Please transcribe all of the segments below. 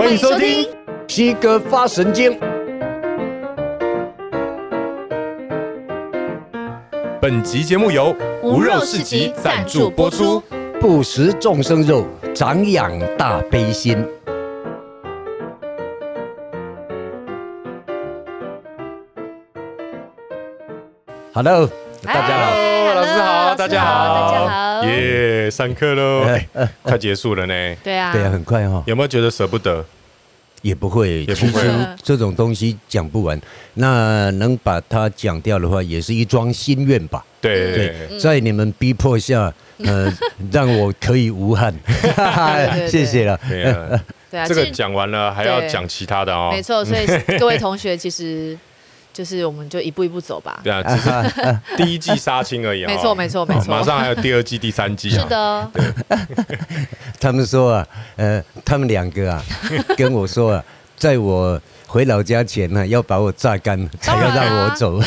歡迎收聽《西哥發神經》。本集節目由無肉市集贊助播出。不食眾生肉，長養大悲心。Hello，大家好。大家好，大家好，耶、yeah，上課嘍，快、呃、結束了呢。對啊，對啊，很快哈、哦。有沒有覺得捨不得？也不會，也不會其實、嗯、這種東西講不完，那能把它講掉的話，也是一樁心願吧。對對、嗯，在你們逼迫下，呃， 讓我可以無憾。 對對對 謝謝了。對啊，對啊 這個講完了還要講其他的哦。沒錯，所以各位同學其實。 就是我們就一步一步走吧。對啊，只是第一季殺青而已。 沒錯，沒錯，沒錯、啊。馬上還有第二季、第三季啊。是的。他們說啊，呃，他們兩個啊， 跟我說啊，在我回老家前呢、啊，要把我榨乾，才要讓我走。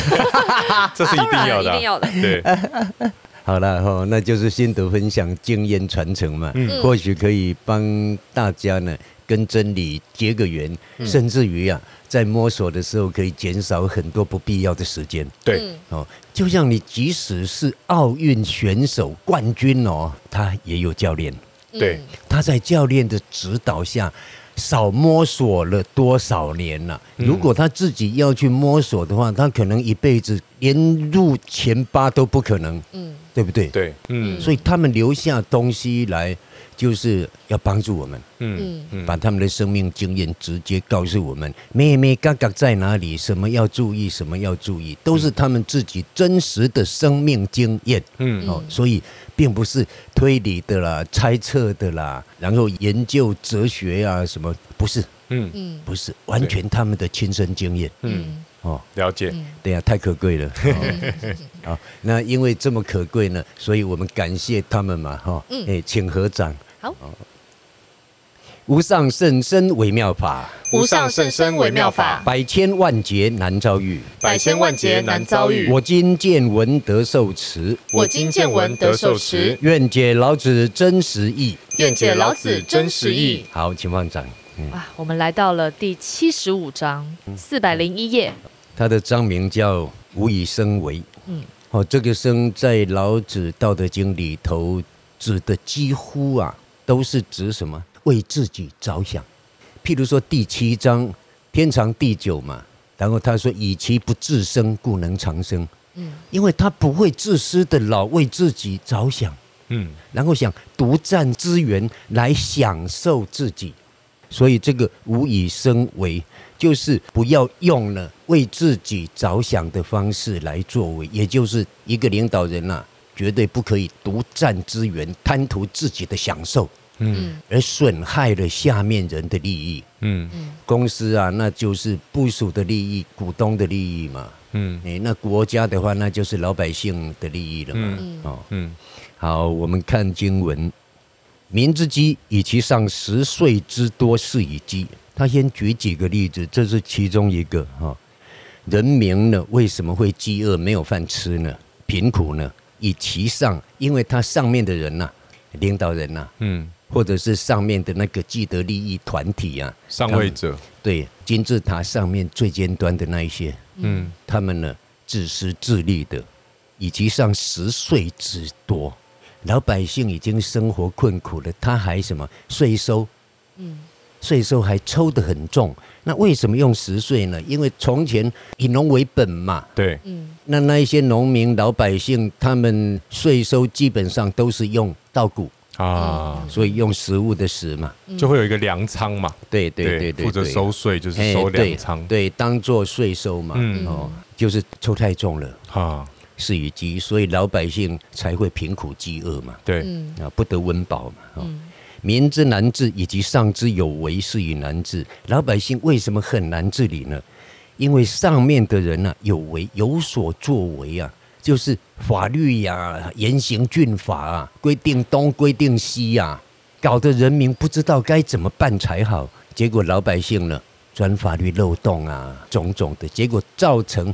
這是一定要的，啊、一定要的。對。 好了哈、哦，那就是心得分享、經驗傳承嘛。嗯。或許可以幫大家呢，跟真理結個緣、嗯，甚至於啊。在摸索的時候，可以減少很多不必要的時間。對，哦，就像你，即使是奧運選手冠軍哦、喔，他也有教練。對、嗯，他在教練的指導下，少摸索了多少年了、啊？如果他自己要去摸索的話，他可能一輩子連入前八都不可能。嗯，對不對？對，嗯，所以他們留下東西來。就是要幫助我們，嗯嗯，把他們的生命經驗直接告訴我們，妹妹剛剛在哪裡？什麼要注意？什麼要注意？都是他們自己真實的生命經驗，嗯哦，所以並不是推理的啦、猜測的啦，然後研究哲學呀、啊、什麼？不是，嗯嗯，不是，完全他們的親身經驗，嗯。哦，了解。等、嗯、呀、啊，太可貴了。好、 哦，那因為這麼可貴呢，所以我們感謝他們嘛，哈、哦。嗯。哎，請合掌。好。無上甚深微妙法，無上甚深微妙法，百千萬劫難遭遇，百千萬劫難遭遇。我今見聞得受持，我今見聞得受持，願解老子真實意，願解老子真實意。好，請放掌。啊、嗯，我們來到了第七十五章四百零一頁。他的章名叫“無以生為”，嗯，好，這個“生”在老子《道德經》裡頭指的幾乎啊都是指什麼？為自己着想。譬如說第七章“天長地久”嘛，然後他說：“以其不自生，故能長生。”嗯，嗯，嗯，因為他不會自私的，老為自己着想，嗯，然後想獨佔資源來享受自己。所以這個無以生為，就是不要用了為自己着想的方式來作為，也就是一個領導人吶、啊，絕對不可以獨占資源，貪圖自己的享受，嗯，而損害了下面人的利益，嗯，公司啊，那就是部屬的利益，股東的利益嘛，嗯，哎，那國家的話，那就是老百姓的利益了嘛，嗯，好，我們看經文。民之饑，以其上食稅之多，是以饑。他先舉幾個例子，這是其中一個哈。人民呢，為什麼會饑餓、沒有飯吃呢？貧苦呢？以其上，因為他上面的人吶、啊，領導人吶、啊，嗯，或者是上面的那個既得利益團體啊，上位者他，對，金字塔上面最尖端的那一些，嗯，他們呢，自私自利的，以其上食稅之多。老百姓已經生活困苦了，他還什麼稅收？嗯，稅收還抽得很重。那為什麼用食稅呢？因為從前以農為本嘛。對。嗯。那那一些農民老百姓，他們稅收基本上都是用稻穀啊、嗯，所以用食物的食嘛。嗯、就會有一個糧倉嘛。嗯、對對對對。負責收稅就是收糧倉，欸、對，對，對，當做稅收嘛。嗯。哦，就是抽太重了。哈、嗯啊是以饑，所以老百姓才會貧苦飢餓嘛。對、嗯，啊，不得溫飽嘛。民之難治，以及上之有為，是以難治。老百姓為什麼很難治理呢？因為上面的人呢、啊，有為，有所作為啊，就是法律呀、啊，嚴刑峻法啊，規定東，規定西呀、啊，搞得人民不知道該怎麼辦才好。結果老百姓呢，鑽法律漏洞啊，種種的，結果造成。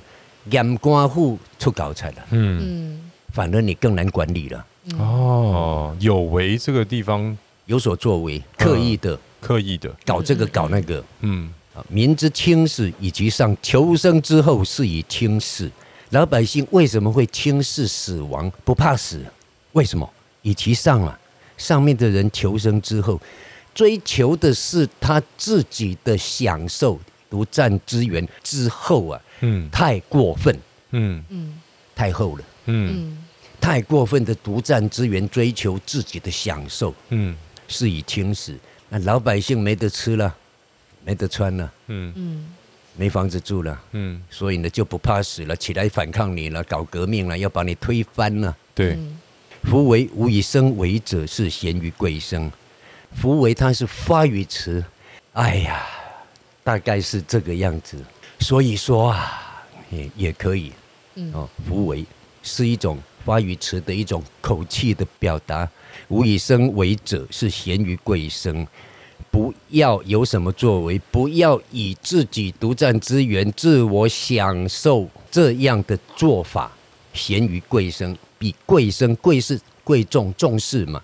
嚴官戶出搞產了，嗯，反而你更難管理了、嗯。哦，有為這個地方有所作為，刻意的，呃、刻意的搞這個搞那個，嗯，嗯啊，民之輕視，以其上求生之後，是以輕視。老百姓為什麼會輕視死亡，不怕死？為什麼？以其上了、啊、上面的人求生之後，追求的是他自己的享受。獨佔資源之後啊，嗯，太過分，嗯嗯，太厚了，嗯太過分的獨占資源，追求自己的享受，嗯，是以輕死，那老百姓沒得吃了，沒得穿了，嗯嗯，沒房子住了，嗯，所以呢就不怕死了，起來反抗你了，搞革命了，要把你推翻了，對、嗯，夫唯無以生為者，是賢於貴生，夫為他是發於慈，哎呀。大概是這個樣子，所以說啊，也也可以，嗯，哦，夫唯是一種發語詞的一種口氣的表達。無以生為者，是賢於貴生。不要有什麼作為，不要以自己獨占資源、自我享受這樣的做法，賢於貴生。比貴生，貴是貴重，重視嘛？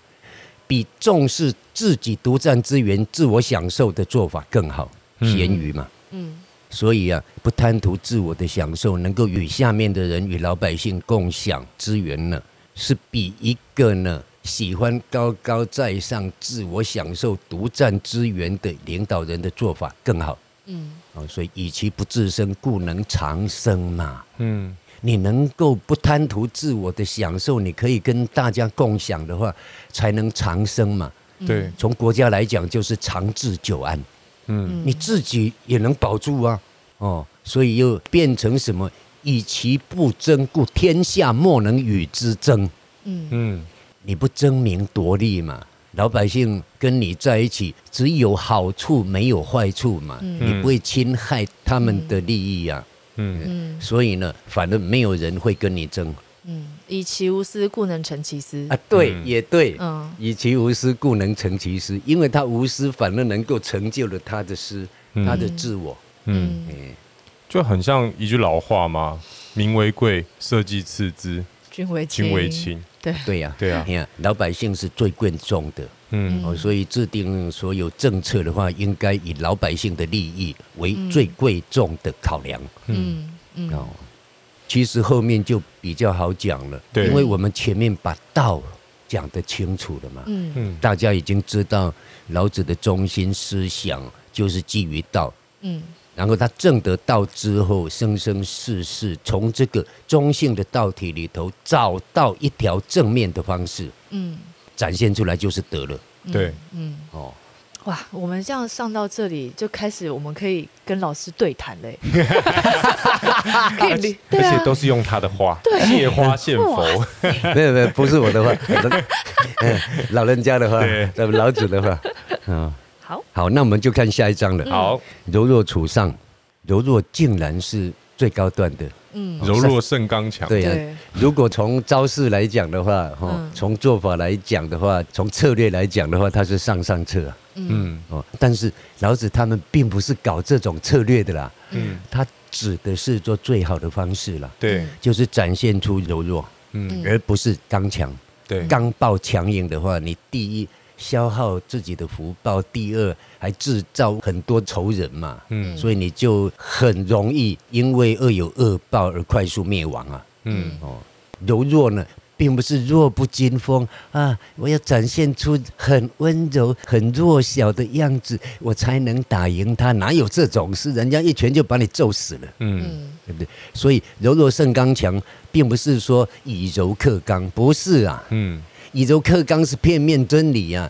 比重視自己獨占資源、自我享受的做法更好。鹹魚嘛，嗯，所以啊，不貪圖自我的享受，能夠與下面的人、與老百姓共享資源呢，是比一個呢喜歡高高在上、自我享受、獨佔資源的領導人的做法更好。嗯，啊，所以以其不自生，故能長生嘛。嗯，你能夠不貪圖自我的享受，你可以跟大家共享的話，才能長生嘛。對，從國家來講，就是長治久安。嗯，你自己也能保住啊，哦，所以又變成什麼？以其不爭故，故天下莫能與之爭。嗯嗯，你不爭名奪利嘛，老百姓跟你在一起，只有好處沒有壞處嘛，嗯，你不會侵害他們的利益呀，啊。嗯嗯，嗯，所以呢，反正沒有人會跟你爭。嗯。以其無私，故能成其私啊！對，嗯、也對。嗯，以其無私，故能成其私，嗯，因為他無私，反而能夠成就了他的私，嗯，他的自我。嗯，嗯、欸、就很像一句老話嘛，“民為貴，社稷次之，君為君為輕。啊”對對，啊、呀，對呀、啊，老百姓是最貴重的。嗯，哦，所以制定所有政策的話，應該以老百姓的利益為最貴重的考量。嗯嗯。哦嗯嗯。其實後面就比較好講了，對，因為我們前面把道講得清楚了嘛，嗯，大家已經知道老子的中心思想就是基於道，嗯，然後他證得道之後，生生世世從這個中性的道體裡頭找到一條正面的方式，嗯，展現出來就是德了，對，嗯，哦。哇，我們這樣上到這裡就開始，我們可以跟老師對談嘞。而且都是用他的話，對，借花獻佛。沒有沒有，不是我的話，老人家的話，老子的話。嗯，好好，那我們就看下一章了。好，柔弱處上，柔弱竟然是。最高段的，嗯，柔弱勝剛強，對，對啊，如果從招式來講的話，哈，從做法來講的話，從策略來講的話，它是上上策，嗯哦。但是老子他們並不是搞這種策略的啦，嗯，他指的是做最好的方式啦，對，就是展現出柔弱，嗯，而不是剛強，對，剛暴強硬的話，你第一。消耗自己的福報，第二還制造很多仇人嘛，嗯，所以你就很容易因為惡有惡報而快速滅亡啊，嗯，柔弱呢，並不是弱不禁風啊，我要展現出很溫柔、很弱小的樣子，我才能打贏他？哪有這種事？人家一拳就把你揍死了，嗯，對不對？所以柔弱勝剛強，並不是說以柔克剛，不是啊，嗯。以柔克剛是片面真理啊，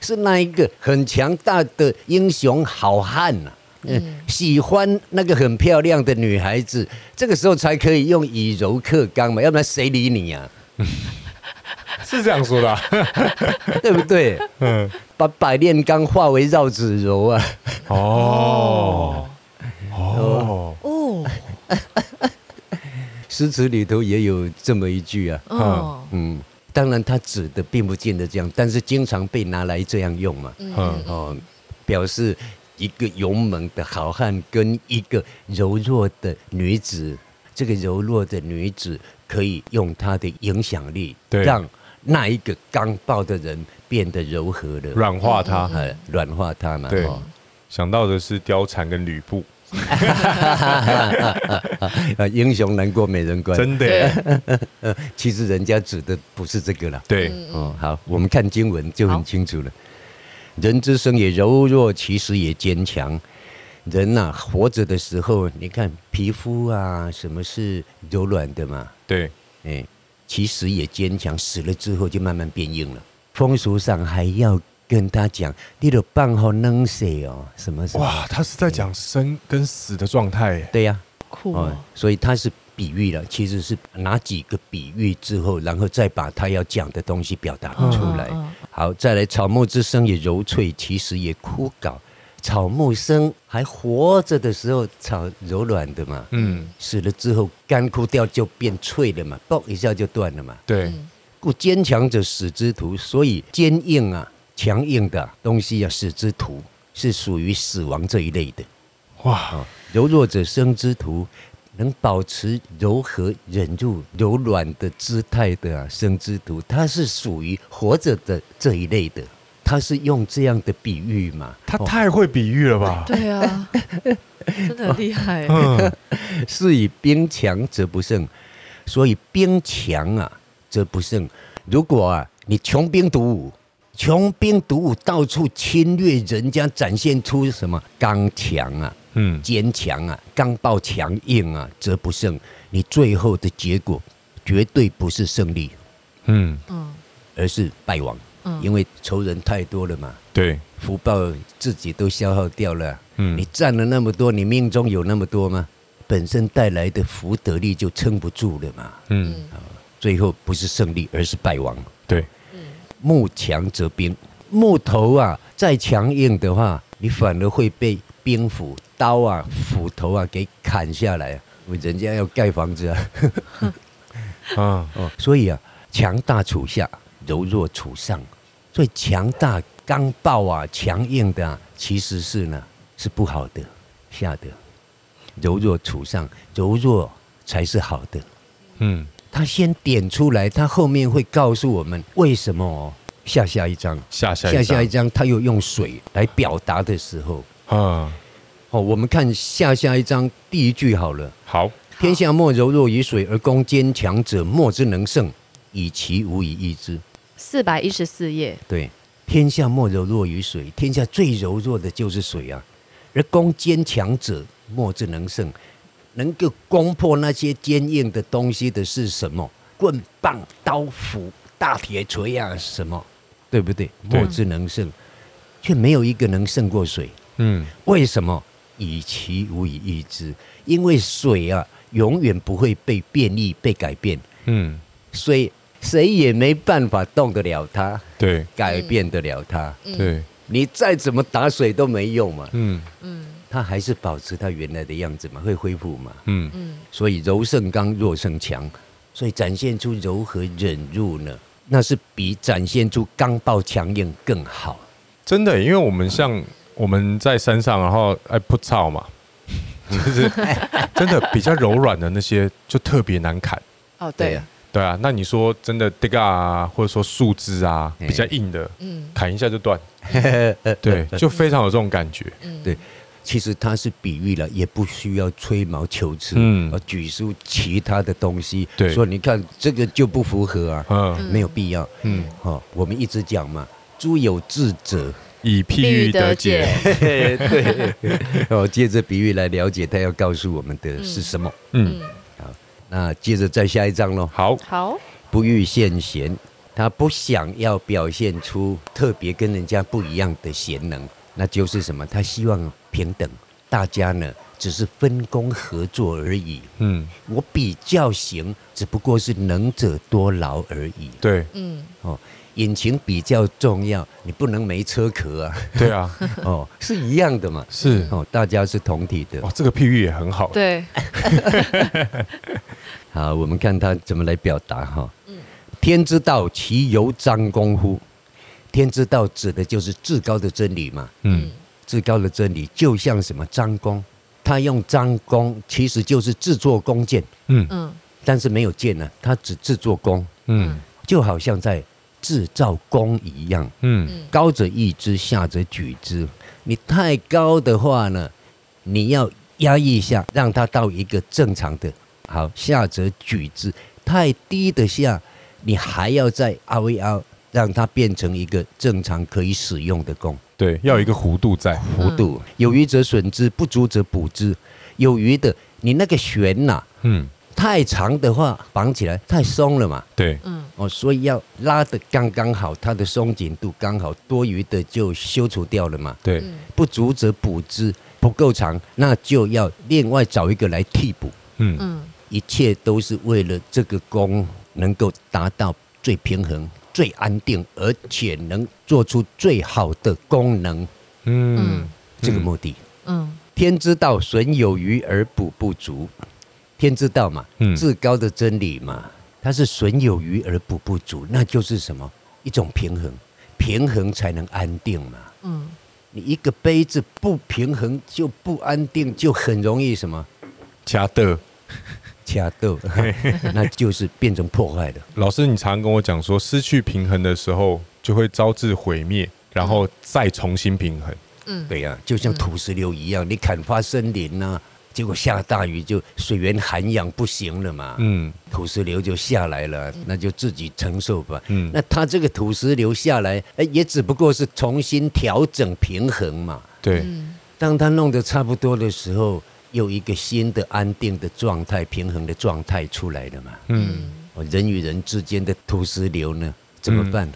是那一個很強大的英雄好漢吶，嗯，喜歡那個很漂亮的女孩子，這個時候才可以用以柔克剛嘛，要不然誰理你啊？是這樣說的，對不對？嗯，把百煉鋼化為繞指柔啊！哦，哦，哦，詩詞裡頭也有這麼一句啊！哦，嗯。當然，他指的並不見得這樣，但是經常被拿來這樣用嘛，嗯哦、嗯嗯，嗯嗯、表示一個勇猛的好漢跟一個柔弱的女子，這個柔弱的女子可以用她的影響力，讓那一個剛暴的人變得柔和了，啊、軟化他，嗯嗯嗯嗯、軟化他嘛。對、哦，想到的是貂蟬跟呂布。哈，哈，哈，哈，哈，哈，英雄難過美人關，真的。 其實人家指的不是這個了。對、嗯，好，我們看經文就很清楚了。人之生也柔弱，其死也堅強。人吶、啊，活着的時候，你看皮膚啊，什麼是柔軟的嘛？對，哎、欸，其死也堅強。死了之後就慢慢變硬了。風俗上還要。跟他講，你的半好能誰哦？什麼？哇，他是在講生跟死的狀態。對呀、啊，酷、哦嗯。所以他是比喻了，其實是哪幾個比喻之後，然後再把他要講的東西表達出來。嗯、好，再來，草木之生也柔脆，其實也枯槁。草木生還活着的時候，草柔軟的嘛。嗯，死了之後乾枯掉就變脆了嘛，嘣一下就斷了嘛。對、嗯，故堅強者死之徒，所以堅硬啊。強硬的、啊、東西要、啊、死之徒是屬於死亡這一類的。哇，柔弱者生之徒，能保持柔和、忍辱柔軟的姿態的、啊、生之徒，他是屬於活着的這一類的。他是用這樣的比喻嘛？他太會比喻了吧？ 對啊，真的厲害。 是以兵強則不勝，所以兵強啊則不勝。如果啊你窮兵黷武。窮兵黷武，到處侵略人家，展現出什麼剛強啊，嗯，堅強啊，剛暴強硬啊，則不勝。你最後的結果，絕對不是勝利，嗯，而是敗亡，嗯，因為仇人太多了嘛，對，嗯，福報自己都消耗掉了，嗯，你占了那麼多，你命中有那麼多嗎？本身帶來的福德力就撐不住了嘛，嗯，最後不是勝利，而是敗亡。木強則兵，木頭啊，再強硬的話，你反而會被兵斧刀啊、斧頭啊給砍下來，因為人家要蓋房子啊，啊、 哦哦，所以啊，強大處下，柔弱處上。所以強大、剛暴啊、強硬的、啊、其實是呢是不好的，下的柔弱處上，柔弱才是好的，嗯。他先點出來，他後面會告訴我們為什麼、哦。下下一章，下下一章，下下下一章他又用水來表達的時候，啊、嗯，哦，我們看下下一章第一句好了。好，天下莫柔弱於水，而攻堅強者，莫之能勝，以其無以易之。四百一十四頁。對，天下莫柔弱於水，天下最柔弱的就是水啊，而攻堅強者，莫之能勝。能夠攻破那些堅硬的東西的是什麼？棍棒、刀斧、大鐵錘呀、啊，什麼？對不對？莫之能勝、嗯，卻沒有一個能勝過水。嗯，為什麼？以其無以易之。因為水啊，永遠不會被變異、被改變。嗯，所以誰也沒辦法動得了它，對、嗯？改變得了它、嗯，對？你再怎麼打水都沒用嘛。嗯嗯。它還是保持它原來的樣子嘛，會恢復嘛。嗯嗯。所以柔勝剛，弱勝強，所以展現出柔和忍辱呢，那是比展現出剛暴強硬更好。真的欸，因為我們像我們在山上，然後愛撲草嘛，就是真的比較柔軟的那些就特別難砍。哦，對啊。對啊，那你說真的這個啊，或者說樹枝啊，比較硬的，嗯，砍一下就斷、嗯。對，就非常有這種感覺。嗯，對。其實他是比喻了，也不需要吹毛求疵，嗯，而舉出其他的東西，對，所以你看這個就不符合啊，嗯，沒有必要，嗯，好、哦，我們一直講嘛，諸有智者以譬喻得解，解 嘿嘿，對，哦，借着比喻來了解他要告訴我們的是什麼，嗯，嗯好，那接着再下一章嘍，好，好，不欲見賢，他不想要表現出特別跟人家不一樣的賢能，那就是什麼？他希望。平等，大家呢只是分工合作而已。嗯，我比較行，只不過是能者多勞而已。對，嗯，哦，引擎比較重要，你不能沒車殼啊。對啊，哦，是一樣的嘛。是，哦，大家是同體的。哦，這個譬喻也很好。對。 好，我們看他怎麼來表達哈。嗯，天之道，其猶張弓乎？天之道指的就是至高的真理嘛。嗯。至高的真理就像什麼張弓，他用張弓其實就是制作弓箭，嗯嗯，但是沒有箭呢、啊，他只制作弓，嗯，就好像在制造弓一樣，嗯，高者抑之，下者舉之。你太高的話呢，你要壓抑一下，讓它到一個正常的好；下者舉之，太低的下，你還要再凹一凹，讓它變成一個正常可以使用的弓。對，要有一個弧度在。弧度，有餘則損之，不足則補之。有餘的，你那個弦吶，嗯，太長的話綁起來太鬆了嘛。對，嗯，哦，所以要拉得剛剛好，它的鬆緊度剛好，多餘的就修除掉了嘛。對，不足則補之，不夠長，那就要另外找一個來替補。嗯，一切都是為了這個弓能夠達到最平衡。最安定，而且能做出最好的功能。嗯，這個目的。嗯，天之道，損有餘而補不足。天之道嘛、嗯，至高的真理嘛，它是損有餘而補不足，那就是什麼一種平衡，平衡才能安定嘛。嗯，你一個杯子不平衡就不安定，就很容易什麼，掉的。掐鬥， 那就是變成破壞的。 老師，你常跟我講說，失去平衡的時候就會招致毀滅，然後再重新平衡。嗯，對呀、啊，就像土石流一樣，嗯、你砍伐森林吶、啊，結果下大雨就水源涵養不行了嘛。嗯，土石流就下來了、嗯，那就自己承受吧。嗯，那它這個土石流下來，欸、也只不過是重新調整平衡嘛。對，嗯、當它弄得差不多的時候。有一個新的安定的狀態、平衡的狀態出來了嘛？嗯，人與人之間的土石流呢，怎麼辦？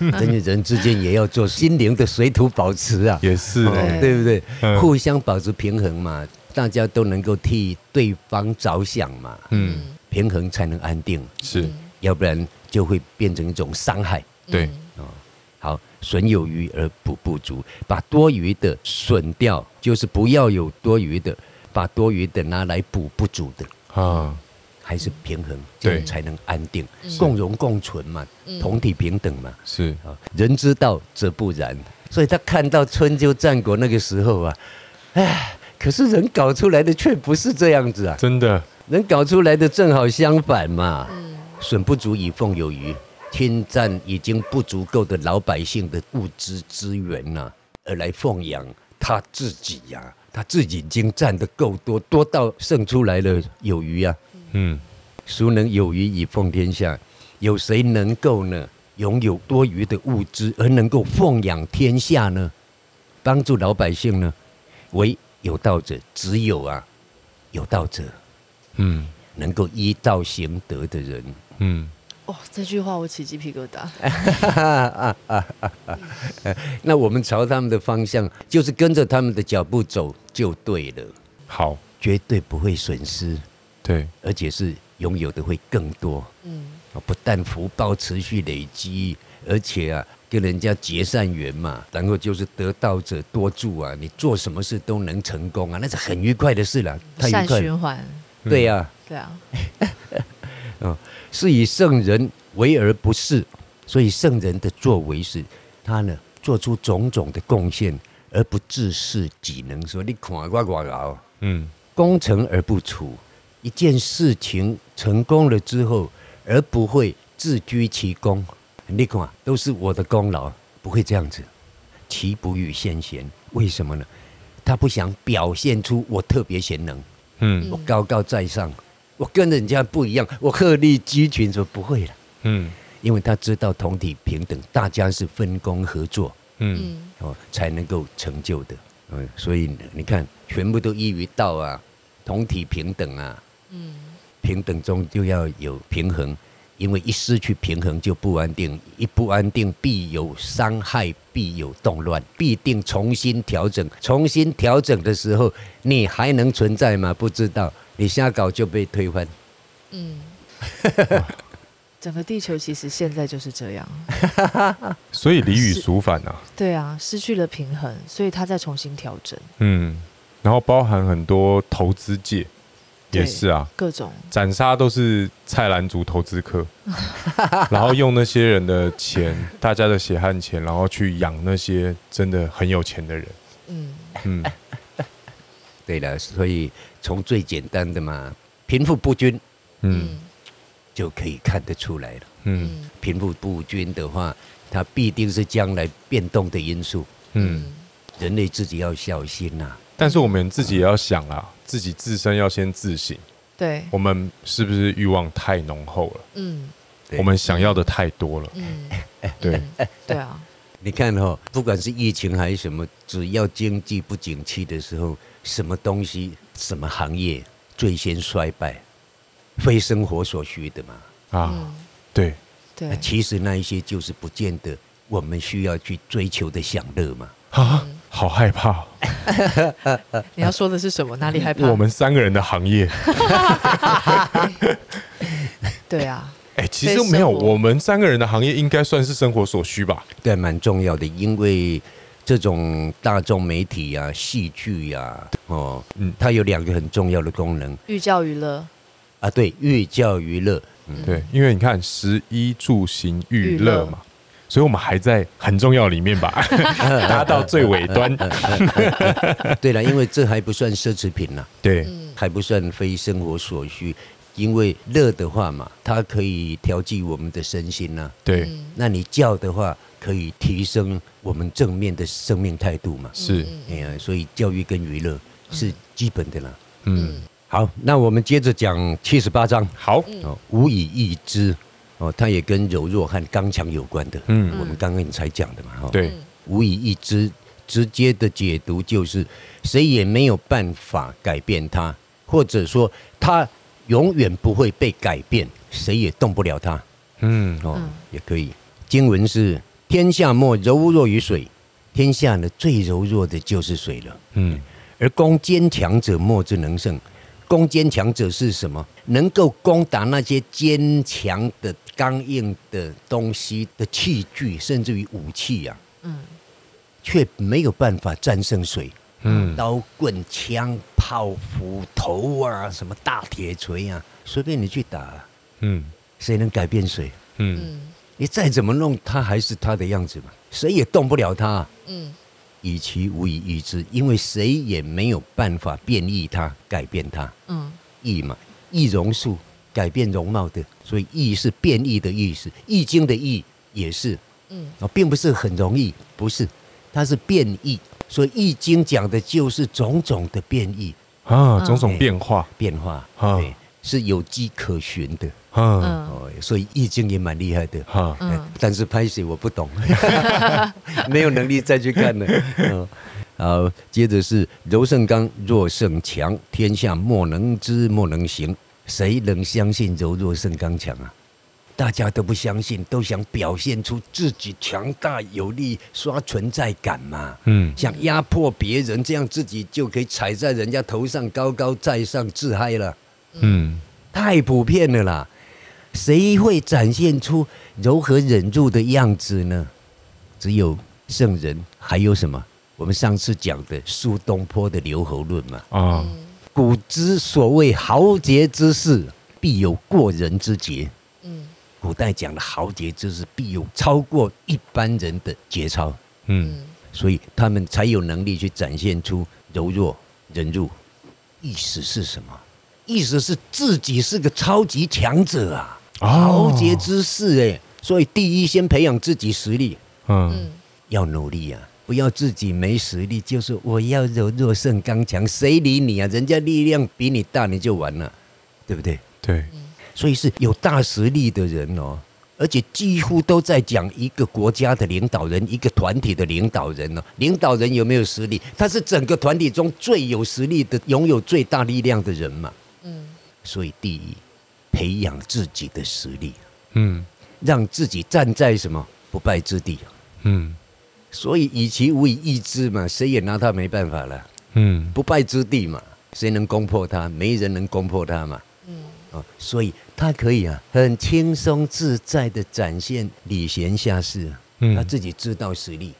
嗯、 人與人之間也要做心靈的水土保持啊。也是、哦，對不對、嗯？互相保持平衡嘛，大家都能夠替對方着想嘛。嗯，平衡才能安定，是、嗯、要不然就會變成一種傷害。對、嗯嗯哦，好。損有餘而補不足，把多餘的損掉，就是不要有多餘的，把多餘的拿來補不足的啊，還是平衡對，才能安定，共榮共存嘛，同體平等嘛，是啊，人之道則不然，所以他看到春秋戰國那個時候啊，唉，可是人搞出來的卻不是這樣子啊，真的，人搞出來的正好相反嘛，損不足以奉有餘。侵佔已經不足夠的老百姓的物資資源吶，而來奉養他自己呀、啊，他自己已經占得夠多，多到剩出來了，有餘啊，嗯，孰能有餘以奉天下？有誰能夠呢？擁有多餘的物資而能夠奉養天下呢？幫助老百姓呢？唯有道者，只有啊，有道者，嗯，能夠依道行德的人，嗯。哦，這句話我起雞皮疙瘩。 那我們朝他們的方向，就是跟着他們的腳步走就對了。好，絕對不會損失。對，而且是擁有的會更多。嗯，不但福報持續累積，而且啊，跟人家結善緣嘛，然後就是得道者多助啊，你做什麼事都能成功啊，那是很愉快的事了。善循環。對呀。對啊。嗯。 哦是以聖人為而不恃，所以聖人的作為是，他呢，做出種種的貢獻而不自恃己能，說你看我功勞。嗯，功成而不處，一件事情成功了之後而不會自居其功，你看都是我的功勞，不會這樣子，其不欲見賢，為什麼呢？他不想表現出我特別賢能，嗯，我高高在上。我跟人家不一樣，我鶴立雞群，說不會了。嗯，因為他知道同體平等，大家是分工合作，嗯，才能夠成就的。嗯，所以你看，全部都依於道啊，同體平等啊，嗯，平等中就要有平衡。因為一失去平衡就不安定，一不安定必有傷害，必有動亂，必定重新調整。重新調整的時候，你還能存在嗎？不知道。你瞎搞就被推翻。嗯， 整個地球其實現在就是這樣。 所以理與俗反吶。對啊，失去了平衡，所以它在重新調整。嗯，然後包含很多投資界。也是啊，各種斬殺都是菜籃族投資客， 然後用那些人的錢，大家的血汗錢，然後去養那些真的很有錢的人。嗯 嗯，對了，所以從最簡單的嘛，貧富不均，嗯，嗯，就可以看得出來了。嗯，貧富不均的話，它必定是將來變動的因素。嗯，人類自己要小心吶、啊。但是我們自己也要想啊。自己自身要先自省，對，我們是不是欲望太濃厚了？嗯，對，我們想要的太多了。嗯，嗯對嗯，對啊。你看哦，不管是疫情還是什麼，只要經濟不景氣的時候，什麼東西、什麼行業最先衰敗？非生活所需的嘛？啊，對、嗯、對。其實那一些就是不見得我們需要去追求的享樂嘛？啊。嗯好害怕、哦！ 你要說的是什麼？哪裡害怕？ 我們三個人的行業。 對啊，哎、欸，其實沒有，我們三個人的行業應該算是生活所需吧？對，蠻重要的，因為這種大眾媒體啊、戲劇呀，哦，嗯，它有兩個很重要的功能：寓教於樂。啊，對，寓教於樂、嗯。對，因為你看，食衣住行、娛樂嘛。所以，我們還在很重要裡面吧， 達到最尾端。 對了，因為這還不算奢侈品呢，對、嗯，還不算非生活所需。因為樂的話嘛，它可以調劑我們的身心吶、啊。對、嗯，那你教的話，可以提升我們正面的生命態度嘛？是，呀、嗯，所以教育跟娛樂是基本的啦嗯。嗯，好，那我們接着講七十八章。好，嗯、無以易之。哦，它也跟柔弱和剛強有關的。嗯，我們剛剛才講的嘛，哈、嗯。對，無以易之直接的解讀就是，誰也沒有辦法改變它，或者說它永遠不會被改變，誰也動不了它。嗯，哦，也可以、嗯。經文是：天下莫柔弱於水，天下呢最柔弱的就是水了。嗯，而攻堅強者莫之能勝，攻堅強者是什麼？能夠攻打那些堅強的。剛硬的東西的器具，甚至於武器啊，嗯，卻沒有辦法戰勝水。嗯，刀棍槍炮斧頭啊，什麼大鐵錘啊，隨便你去打啊。嗯，誰能改變水？嗯，你再怎麼弄，它還是它的樣子嘛，誰也動不了它。嗯，以其無以易之，因為誰也沒有辦法變異它，改變它。嗯，易嘛，易容術。改變容貌的，所以易是變異的意思，《易經》的易也是，嗯，並不是很容易，不是，它是變異，所以《易經》講的就是種種的變異啊，種種變化，變化，是有跡可循的，所以《易經》也蠻厲害的，哈，但是拍戲我不懂， 沒有能力再去看了，好接，接着是柔勝剛，弱勝強，天下莫能知，莫能行。誰能相信柔弱勝剛強啊？大家都不相信，都想表現出自己強大有力，刷存在感嘛。嗯，想壓迫別人，這樣自己就可以踩在人家頭上，高高在上，自嗨了。嗯，太普遍了啦。誰會展現出柔和忍辱的樣子呢？只有聖人。還有什麼？我們上次講的蘇東坡的《留侯論》嘛。啊、嗯。古之所謂豪傑之士，必有過人之節。嗯，古代講的豪傑之士，必有超過一般人的節操。嗯，所以他們才有能力去展現出柔弱忍辱。意思是什麼？意思是自己是個超級強者啊、哦！豪傑之士誒、欸，所以第一先培養自己實力。嗯，嗯要努力呀、啊。不要自己沒實力，就是我要柔弱勝剛強，誰理你啊？人家力量比你大，你就完了，對不對？對，所以是有大實力的人哦，而且幾乎都在講一個國家的領導人，一個團體的領導人哦，領導人有沒有實力？他是整個團體中最有實力的，擁有最大力量的人嘛。嗯。所以，第一，培養自己的實力，嗯，讓自己站在什麼不敗之地，嗯。所以以其無以易之嘛，誰也拿他沒辦法了。嗯，不敗之地嘛，誰能攻破他？沒人能攻破他嘛。嗯，哦，所以他可以啊，很輕鬆自在地展現禮賢下士。嗯，他自己知道實力，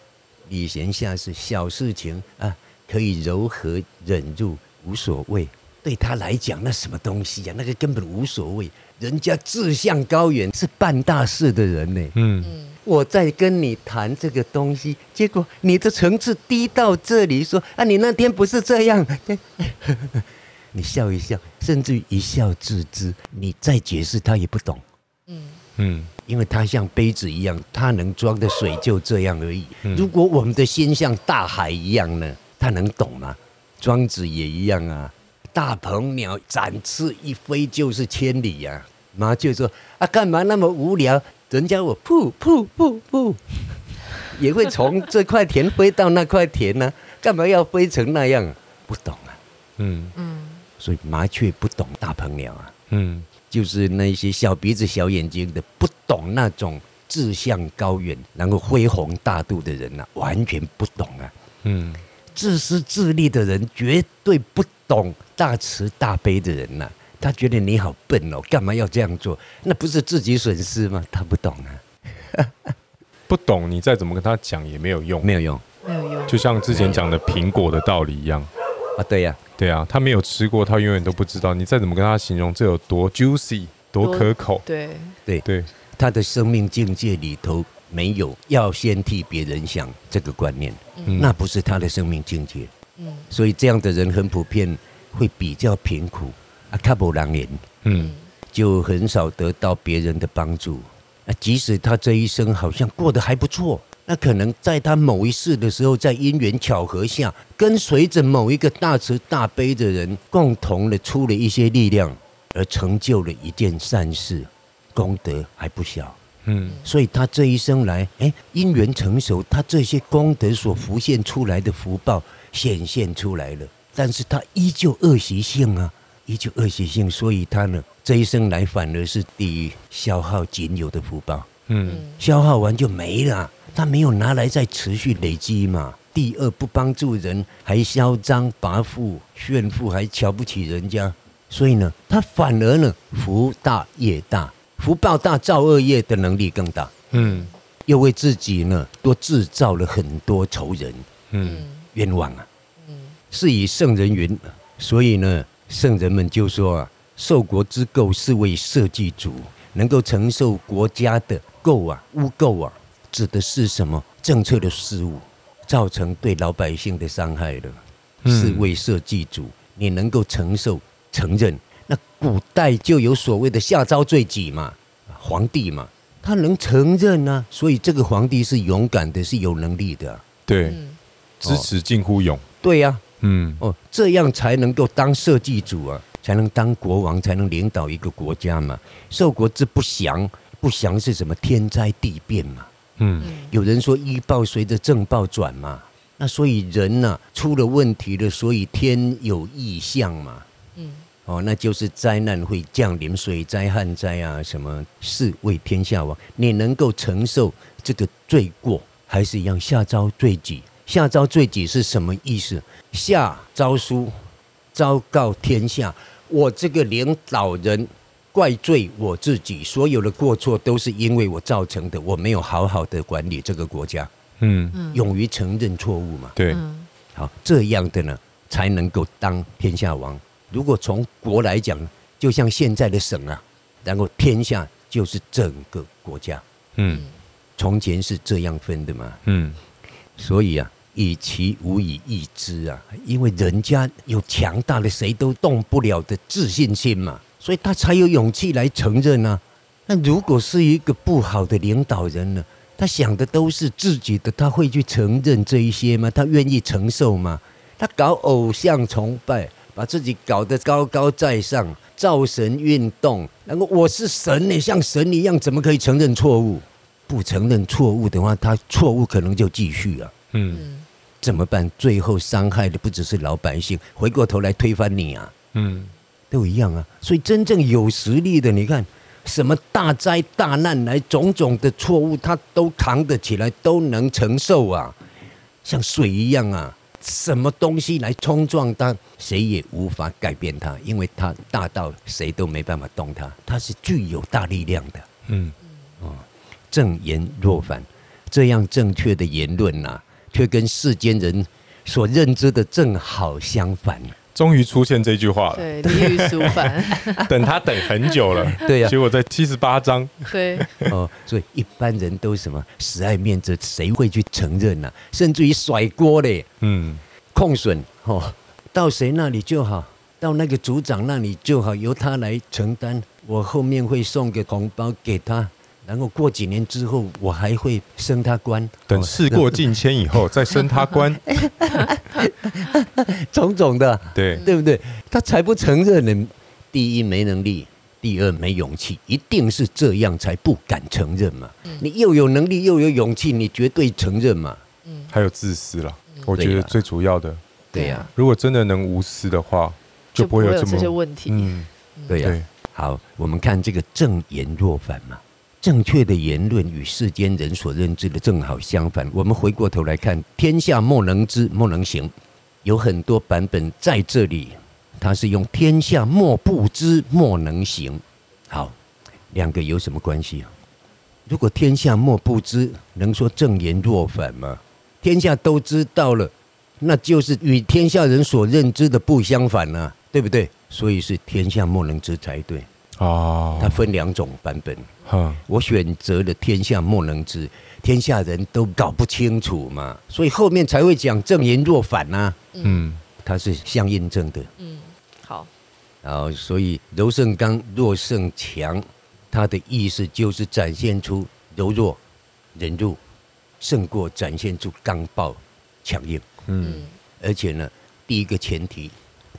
嗯，禮賢下士，小事情啊，可以柔和忍辱，無所謂。對他來講，那什麼東西呀、啊？那個根本無所謂。人家志向高遠，是辦大事的人呢。嗯。嗯我在跟你談這個東西，結果你的層次低到這裡說，說啊，你那天不是這樣， 你笑一笑，甚至於一笑置之，你再解釋他也不懂。嗯，因為他像杯子一樣，他能裝的水就這樣而已，嗯。如果我們的心像大海一樣呢，他能懂嗎？莊子也一樣啊，大鵬鳥展翅一飛就是千里呀。麻雀說啊，就說啊幹嘛那麼無聊？人家我噗噗噗噗，也會從這塊田飛到那塊田呢、啊，幹嘛要飛成那樣？不懂啊，嗯嗯，所以麻雀不懂大鵬鳥啊，嗯，就是那些小鼻子、小眼睛的，不懂那種志向高遠、能夠恢宏大度的人吶、啊，完全不懂啊，嗯，自私自利的人絕對不懂大慈大悲的人吶、啊。他覺得你好笨哦，幹嘛要這樣做？那不是自己損失嗎？他不懂啊， 不懂。你再怎麼跟他講也沒有用，沒有用，沒有用。就像之前講的蘋果的道理一樣啊，對呀、啊，對啊。他沒有吃過，他永遠都不知道。你再怎麼跟他形容，這有多 juicy，多可口，對對對。他的生命境界裡頭沒有要先替別人想這個觀念，嗯、那不是他的生命境界。嗯，所以這樣的人很普遍，會比較貧苦。他不難言，嗯，就很少得到別人的幫助。那即使他這一生好像過得還不錯，那可能在他某一世的時候，在因緣巧合下，跟隨着某一個大慈大悲的人，共同的出了一些力量，而成就了一件善事，功德還不小，嗯。所以他這一生來，哎，因緣成熟，他這些功德所浮現出來的福報顯現出來了，但是他依舊惡習性啊。依舊惡習性，所以他呢，這一生來反而是第一消耗僅有的福報，嗯，消耗完就沒了，他沒有拿來再持續累積嘛。第二不幫助人，還囂張跋扈、炫富，還瞧不起人家，所以呢，他反而呢福大業大，福報大，造惡業的能力更大，嗯，又為自己呢多製造了很多仇人，嗯，冤枉啊，嗯，是以聖人云，所以呢。聖人們就說啊，受國之垢是為社稷主，能夠承受國家的垢啊污垢啊，指的是什麼政策的失誤，造成對老百姓的傷害的，是為社稷主。你能夠承受、承認，那古代就有所謂的下詔罪己嘛，皇帝嘛，他能承認呢，啊。所以這個皇帝是勇敢的，是有能力的，啊。對，知恥近乎勇，哦。對呀，啊。嗯，哦，這樣才能夠當社稷主啊，才能當國王，才能領導一個國家嘛。受國之不祥，不祥是什麼？天災地變嘛。嗯，有人說，依報隨着正報轉嘛。那所以人吶、啊，出了問題了，所以天有異象嘛。嗯，哦，那就是災難會降臨，水災旱災啊，什麼？是為天下王，你能夠承受這個罪過，還是一樣下詔罪己？下詔罪己是什麼意思？下詔書，昭告天下，我這個領導人怪罪我自己，所有的過錯都是因為我造成的，我沒有好好的管理這個國家，嗯，勇於承認錯誤嘛，對，好這樣的呢才能夠當天下王。如果從國來講，就像現在的省啊，然後天下就是整個國家，嗯，從前是這樣分的嘛，嗯，所以啊。以其無以易之啊，因為人家有強大的誰都動不了的自信心嘛，所以他才有勇氣來承認啊。那如果是一個不好的領導人呢，他想的都是自己的，他會去承認這一些嗎？他願意承受嗎？他搞偶像崇拜，把自己搞得高高在上，造神運動，然後我是神呢，像神一樣，怎麼可以承認錯誤？不承認錯誤的話，他錯誤可能就繼續了、啊。嗯。怎麼辦？最後傷害的不只是老百姓，回過頭來推翻你啊！嗯，都一樣啊。所以真正有實力的，你看什麼大災大難來，種種的錯誤，他都扛得起來，都能承受啊。像水一樣啊，什麼東西來衝撞它，誰也無法改變它，因為它大到誰都沒辦法動它，它是具有大力量的。嗯，正言若反，這樣正確的言論吶、啊。卻跟世間人所認知的正好相反。終於出現這句話了。對，逆反。 等他等很久了。 對呀、啊。結果在七十八章。對。哦，所以一般人都什麼，死愛面子，誰會去承認呢、啊？甚至於甩鍋嘞。嗯。控損哦，到誰那裡就好，到那個組長那裡就好，由他來承擔。我後面會送個紅包給他。然後過幾年之後，我還會升他官。等事過境遷以後，再升他官。 種種的，對對不對？他才不承認呢。第一沒能力，第二沒勇氣，一定是這樣才不敢承認嘛。你又有能力又有勇氣，你絕對承認嘛。還有自私了，我覺得最主要的。對呀，如果真的能無私的話，就不會有這些問題。嗯，對呀、啊。好，我們看這個正言若反嘛。正確的言論與世間人所認知的正好相反。我們回過頭來看，“天下莫能知，莫能行”，有很多版本在這裡，它是用“天下莫不知，莫能行”。好，兩個有什麼關係？如果天下莫不知，能說正言若反嗎？天下都知道了，那就是與天下人所認知的不相反了，啊，對不對？所以是“天下莫能知”才對。哦，它分兩種版本。我選擇了“天下莫能知”，天下人都搞不清楚嘛，所以後面才會講“正言若反”吶。嗯，它是相印證的。嗯，好。然後，所以“柔勝剛，弱勝強”，它的意思就是展現出柔弱、忍辱，勝過展現出剛暴、強硬。嗯，而且呢，第一個前提，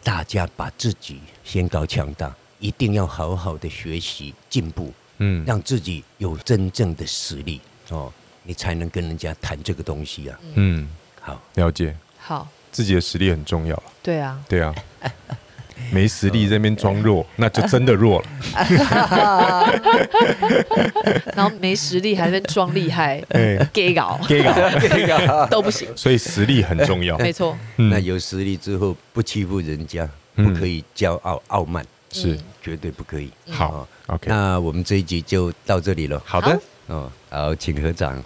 大家把自己先搞強大。一定要好好的學習進步，嗯，讓自己有真正的實力哦，你才能跟人家談這個東西啊。嗯，好，了解。好，自己的實力很重要。對啊，對啊，沒實力在那邊裝弱，啊，那就真的弱了。 然後沒實力還在裝厲害，gay 搞 gay 搞 gay 搞都不行。所以實力很重要，沒錯。嗯、那有實力之後，不欺負人家，不可以驕傲傲慢。是，絕對不可以。嗯哦、好，OK。那我們這一集就到這裡了。好的，哦，好，請合掌。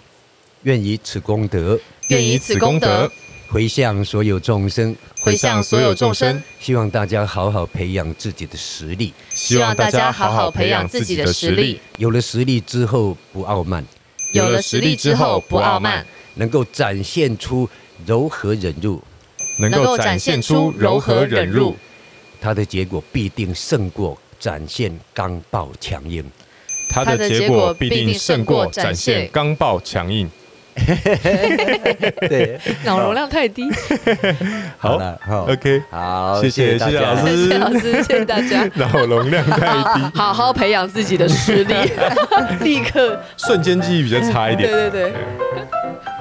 願以此功德，願以此功德，回向所有眾生，回向所有眾生。希望大家好好培養自己的實力。希望大家好好培養自己的實力。有了實力之後不傲慢，有了實力之後不傲慢，能夠展現出柔和忍辱，能夠展現出柔和忍辱。他的結果必定勝過展現剛暴強硬，他的結果必定勝過展現剛暴強硬。對，腦容量太低。好，好，OK，好，謝謝，謝謝老師，謝謝老師，謝謝大家。腦容量太低，好好培養自己的實力，立刻，瞬間記憶比較差一點。對對對，對。